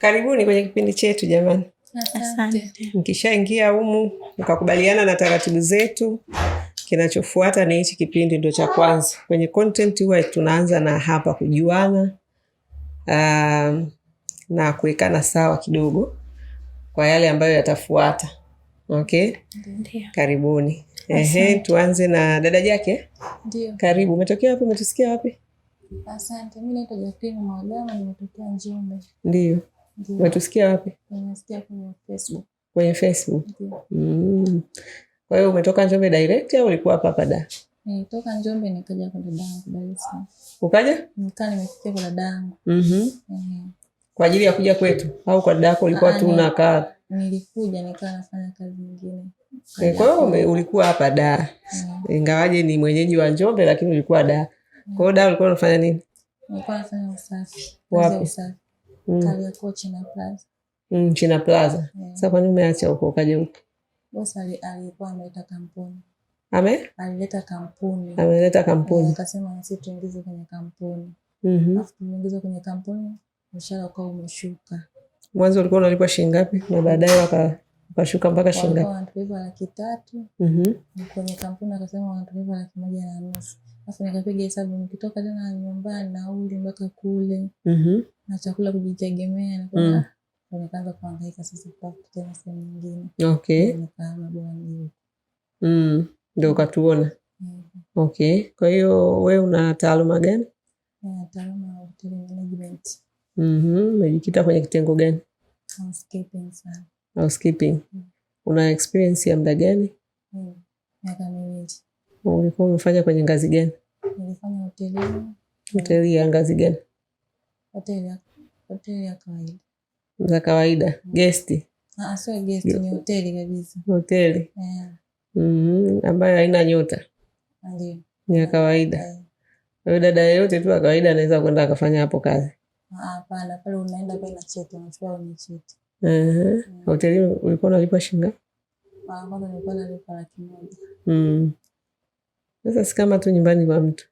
Karibuni kwenye kipindi chetu jamani. Asante. Mkishaingia humu mkakubaliana na taratibu zetu, kinachofuata ni hichi kipindi ndio cha kwanza kwenye content. Huwa tunaanza na hapa kujuana, uh, na kuwekana sawa kidogo kwa yale ambayo yatafuata. Okay, Karibuni. Ehe, tuanze na dada Jake. Karibu. Umetokea wapi? Umetusikia wapi? Asante. Mimi naitwa Jacqueline Mwadama, nimetokea Njombe. Ndio. Unatusikia wapi? Unasikia kwenye Facebook. Kwenye Facebook. Mm. Kwa hiyo umetoka Njombe direct au ulikuwa hapa hapa da? Nilitoka Njombe nikaja kwa Dar es Salaam. Ukaja? Nikaa nimefikia kwa dada yangu. Mhm. Mm. Mm-hmm. Kwa ajili ya kuja kwetu au kwa dada yako ulikuwa tu ah, unakaa? Nilikuja nikaa nafanya kazi nyingine. Eh, kwa hiyo ulikuwa hapa da. Mm. Ingawaje ni mwenyeji wa Njombe lakini ulikuwa da. Kwa hiyo da ulikuwa unafanya nini? Nilikuwa nafanya usafi. Wapi? Usafi. Mm. Kariakoo China Plaza. Mm, China Plaza. Yeah. Sasa kwa nini umeacha huko ukageuka? Bosi alikuwa ameleta kampuni. Ame? Alileta kampuni. Ameleta kampuni. Akasema nasi tuingize kwenye kampuni. Mhm. Alafu tuingize kwenye kampuni, mshahara ukawa umeshuka. Mwanzo ulikuwa unalipwa shilingi ngapi na baadaye waka ukashuka mpaka shilingi ngapi? Wanatulipa laki tatu. Mhm. Kwenye kampuni akasema wanatulipa laki moja na nusu. Sasa nikapiga hesabu, nikitoka tena nyumbani nauli mpaka kule mm-hmm. na chakula kujitegemea mm. nikaanza kuangaika sasa kutafuta tena sehemu nyingine. Okay, nikaama mm. Ndio ukatuona mm -hmm. Okay, kwa hiyo we una taaluma gani? Na taaluma ya hotel management. Mhm. umejikita kwenye kitengo gani? Housekeeping sana. Housekeeping. Mm. Una experience ya muda gani? Mm. Miaka mm. miwili. Ulikuwa umefanya kwenye ngazi gani? Nilifanya hoteli. Hoteli ya ngazi gani? Hoteli ya hoteli ya kawaida. Za kawaida, gesti? Ah, ah sio gesti, ni hoteli kabisa. Hoteli Eh. Yeah. Mhm, ambayo haina nyota, ah, Ndio. ni ya kawaida. Kwa hiyo dada yote tu wa kawaida anaweza kwenda akafanya hapo kazi? Ah, Hapana, pale unaenda kwa na cheti, unachukua ni cheti. Eh. Uh-huh. Mm. Hotelini ulikuwa unalipa shilingi ngapi? Ah, nilikuwa nalipa laki moja. Mm. Sasa si kama tu nyumbani kwa mtu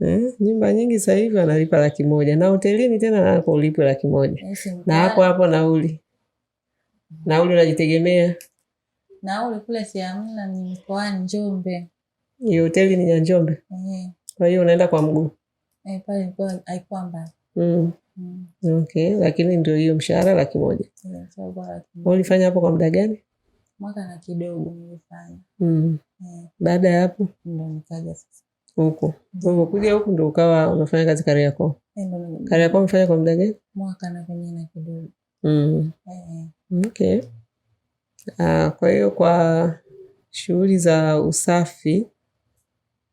eh? Nyumba nyingi sasa hivi wanalipa laki moja na hotelini tena nako ulipwe laki moja na hapo hapo nauli nauli unajitegemea nauli kule si hamna, ni mkoani Njombe. Hiyo hoteli ni ya Njombe. Eh. Kwa hiyo unaenda kwa mguu eh, pale haikuwa mbali. Mm. Mm. Okay, lakini ndio hiyo mshahara laki moja. Yes, ulifanya hapo kwa muda gani? Mwaka na kidogo nilifanya. Mm. Baada ya hapo ndio nikaja sasa huku kuja huku ndo ukawa unafanya kazi Kariakoo. Eh, Kariakoo umefanya kwa muda gani? Mwaka na pengine kidogo. Mm. Eh, eh. Okay. Ah, kwa hiyo kwa shughuli za usafi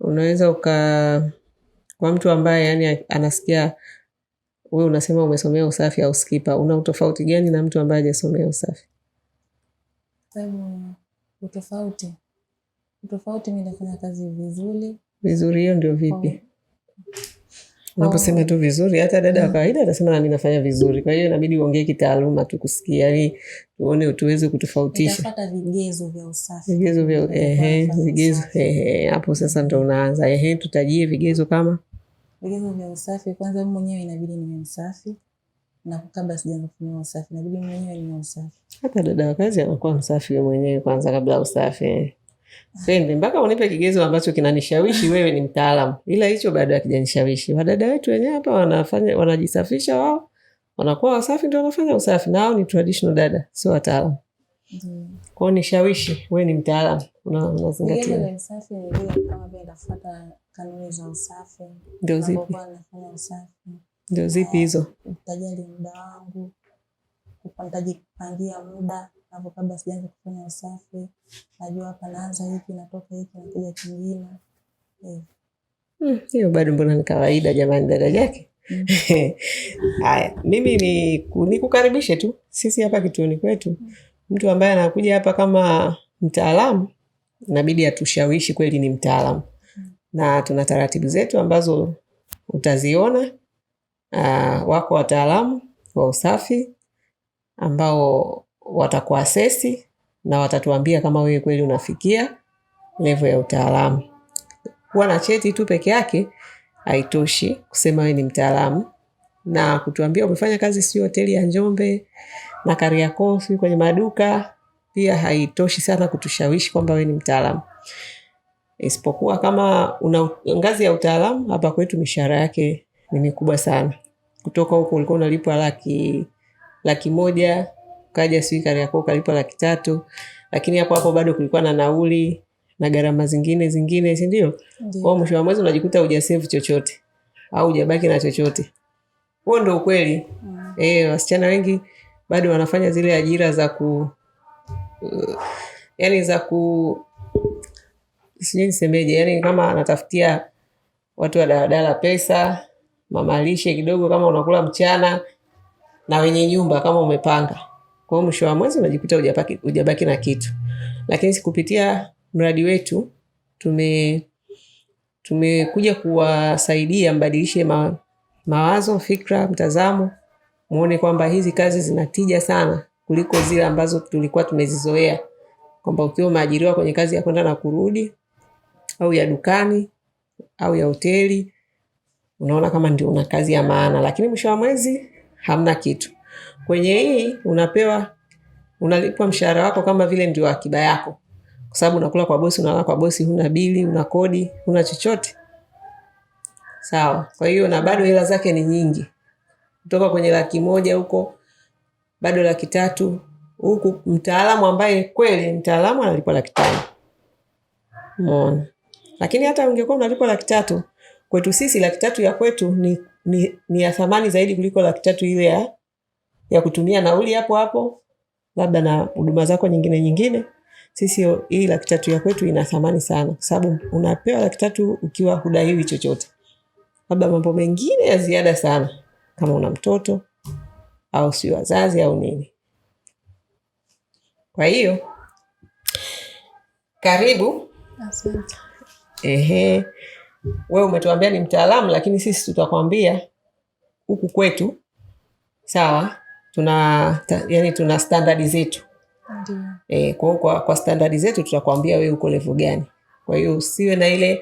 unaweza uka kwa mtu ambaye yani anasikia wewe unasema umesomea usafi au skipa, una utofauti gani na mtu ambaye hajasomea usafi? Utofauti tofauti, mi nafanya kazi vizuri vizuri. Hiyo ndio vipi? Oh. Unaposema tu vizuri, hata dada wa mm. kawaida atasema mi nafanya vizuri. Kwa hiyo inabidi uongee kitaaluma tukusikia, yani tuone, tuweze kutofautisha vigezo vya usafi, vigezo vya ehe, vigezo ehe. Hapo sasa ndo unaanza ehe, tutajie vigezo kama vigezo vya usafi. Kwanza mimi mwenyewe inabidi niwe msafi na kabla sijaanza kufanya usafi inabidi mwenyewe niwe msafi. Hata dada wa kazi anakuwa msafi mwenyewe kwanza kabla ya usafi eh sende mpaka unipe kigezo ambacho kinanishawishi wewe ni mtaalamu, ila hicho bado hakijanishawishi. Wadada wetu wenyewe hapa wanafanya, wanajisafisha wao, wanakuwa wasafi, ndio wanafanya usafi, na wao ni traditional dada, sio wataalamu. Mm. Kwao shawishi, wewe ni mtaalamu, unazingatia ndio zipi hizo? Utajali muda wangu nitajipangia muda hapo kabla sijaanza kufanya usafi. Najua hapa naanza hiki, natoka hiki, nakuja kingine. Eh. Hmm, hiyo bado mbona ni kawaida jamani, dada yake. Hmm. Haya, mimi nikukaribishe tu. Sisi hapa kituoni kwetu, mtu ambaye anakuja hapa kama mtaalamu inabidi atushawishi kweli ni mtaalamu, na tuna taratibu zetu ambazo utaziona. Uh, wako wataalamu wa usafi ambao watakuasesi na watatuambia kama wewe kweli unafikia levo ya utaalamu. Kuwa na cheti tu peke yake haitoshi kusema wewe ni mtaalamu, na kutuambia umefanya kazi sio hoteli ya Njombe na Kariakoo, sijui kwenye maduka, pia haitoshi sana kutushawishi kwamba wewe ni mtaalamu, isipokuwa kama una ngazi ya utaalamu. Hapa kwetu mishahara yake ni mikubwa sana, kutoka huko ulikuwa unalipwa laki laki moja ukaja sijui Kariakoo ukalipa laki tatu lakini hapo hapo bado kulikuwa na nauli na gharama zingine zingine, si ndio? Kwao mwisho wa mwezi unajikuta hujasave chochote au hujabaki na chochote. Huo ndo ukweli. Mm. Eh, wasichana wengi bado wanafanya zile ajira za ku uh, yani za ku sijui nisemeje, yani kama anatafutia watu wa daladala pesa, mamalishe kidogo, kama unakula mchana na wenye nyumba kama umepanga. Kwa hiyo mwisho wa mwezi unajikuta hujabaki na kitu. Lakini kupitia mradi wetu tume tumekuja kuwasaidia mbadilishe ma, mawazo, fikra, mtazamo, muone kwamba hizi kazi zinatija sana kuliko zile ambazo tulikuwa tumezizoea, kwamba ukiwa umeajiriwa kwenye kazi ya kwenda na kurudi au ya dukani au ya hoteli, unaona kama ndio una kazi ya maana, lakini mwisho wa mwezi hamna kitu. Kwenye hii unapewa, unalipwa mshahara wako kama vile ndio akiba yako, kwa sababu unakula kwa bosi, unalala kwa bosi, huna bili, una kodi, una chochote. Sawa. Kwa hiyo na bado hela zake ni nyingi, kutoka kwenye laki moja huko bado laki tatu huku mtaalamu ambaye kweli mtaalamu analipwa laki tano mona, lakini hata ungekuwa unalipwa laki tatu kwetu sisi laki tatu ya kwetu ni ni, ni ya thamani zaidi kuliko laki tatu ile ya, ya kutumia nauli hapo hapo labda na huduma zako nyingine nyingine. Sisi hii laki tatu ya kwetu ina thamani sana, kwa sababu unapewa laki tatu ukiwa hudaiwi chochote, labda mambo mengine ya ziada sana, kama una mtoto au si wazazi au nini. Kwa hiyo karibu. Asante. Ehe wewe umetuambia ni mtaalamu, lakini sisi tutakwambia huku kwetu sawa, tuna ta, yani tuna standardi zetu e, kwa, kwa, kwa standardi zetu tutakwambia wewe uko level gani. Kwa hiyo usiwe na ile,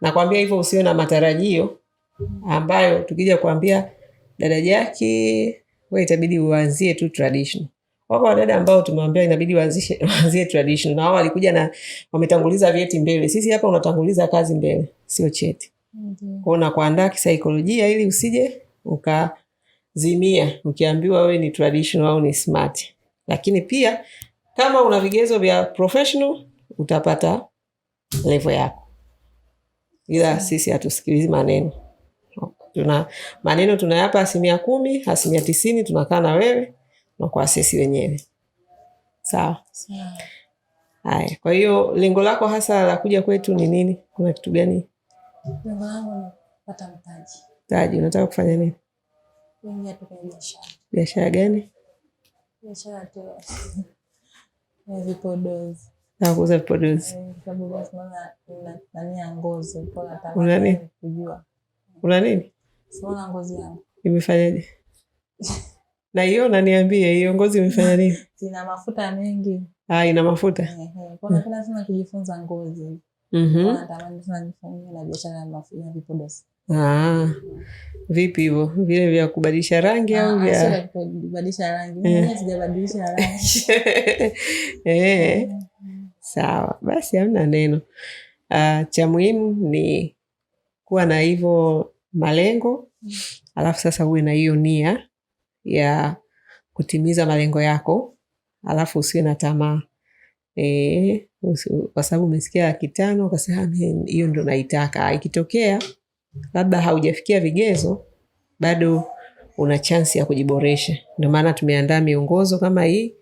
nakwambia hivyo, usiwe na matarajio ambayo tukija kuambia dada Jaki we itabidi uanzie tu tradition Wako wadada ambao tumewambia inabidi waanzie tradition na wao walikuja na wametanguliza vyeti mbele. Sisi hapa unatanguliza kazi mbele sio cheti. Kwao nakuandaa kisaikolojia ili usije ukazimia ukiambiwa wewe ni traditional au ni smart. Lakini pia kama una vigezo vya professional utapata level yako, ila sisi hatusikilizi maneno. Tuna maneno tunayapa asilimia kumi, asilimia tisini tunakaa na wewe na kwa sisi wenyewe. Sawa. Haya, kwa hiyo lengo lako hasa la kuja kwetu ni nini? Kuna kitu gani Lengo mtaji. Mtaji unataka kufanya nini? biashara. gani? Biashara tu ya vipodozi. Na vipodozi. Eh, ngozi. Una nini? Una nini? Sina ngozi yangu. Imefanyaje? Na hiyo naniambie, hiyo ngozi imefanya nini? Ina mafuta mengi. Ah, ina mafuta. Kuna nini lazima kujifunza ngozi? Mm-hmm. Ah, vipi hivyo vile vya kubadilisha rangi au ah, vya eh, sawa basi, hamna neno. Uh, cha muhimu ni kuwa na hivyo malengo alafu sasa uwe na hiyo nia ya kutimiza malengo yako, alafu usiwe na tamaa. E, kwa sababu umesikia laki tano ukasema ah, hiyo ndo naitaka. Ikitokea labda haujafikia vigezo, bado una chansi ya kujiboresha. Ndio maana tumeandaa miongozo kama hii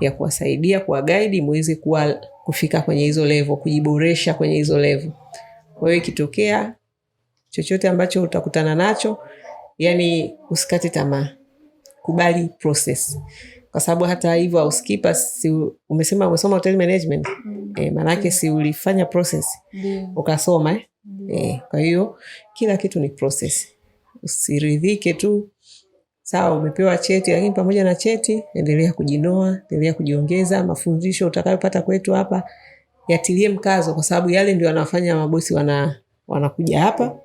ya kuwasaidia kuwa guide muweze kuwa kufika kwenye hizo level, kujiboresha kwenye hizo level. Kwa hiyo ikitokea chochote ambacho utakutana nacho, yani usikate tamaa, kubali process kwa sababu hata hivyo housekeeper si umesema umesoma hotel management mm. E, eh, maanake si ulifanya process yeah. Ukasoma eh? Yeah. E, kwa hiyo kila kitu ni process, usiridhike tu sawa, umepewa cheti, lakini pamoja na cheti endelea kujinoa, endelea kujiongeza. Mafundisho utakayopata kwetu hapa yatilie mkazo, kwa sababu yale ndio wanafanya mabosi wana wanakuja hapa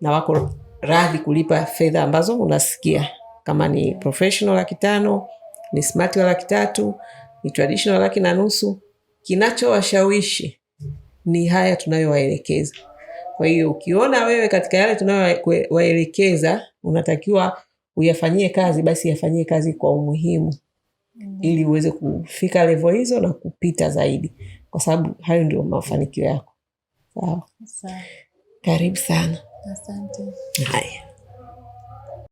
na wako radhi kulipa fedha ambazo unasikia kama ni professional laki tano ni smart wa laki tatu, ni traditional laki na nusu. Kinachowashawishi ni haya tunayowaelekeza. Kwa hiyo ukiona wewe katika yale tunayowaelekeza unatakiwa uyafanyie kazi, basi yafanyie kazi kwa umuhimu mm ili uweze kufika levo hizo na kupita zaidi, kwa sababu hayo ndio mafanikio yako. Sawa, karibu sana. Asante. Haya.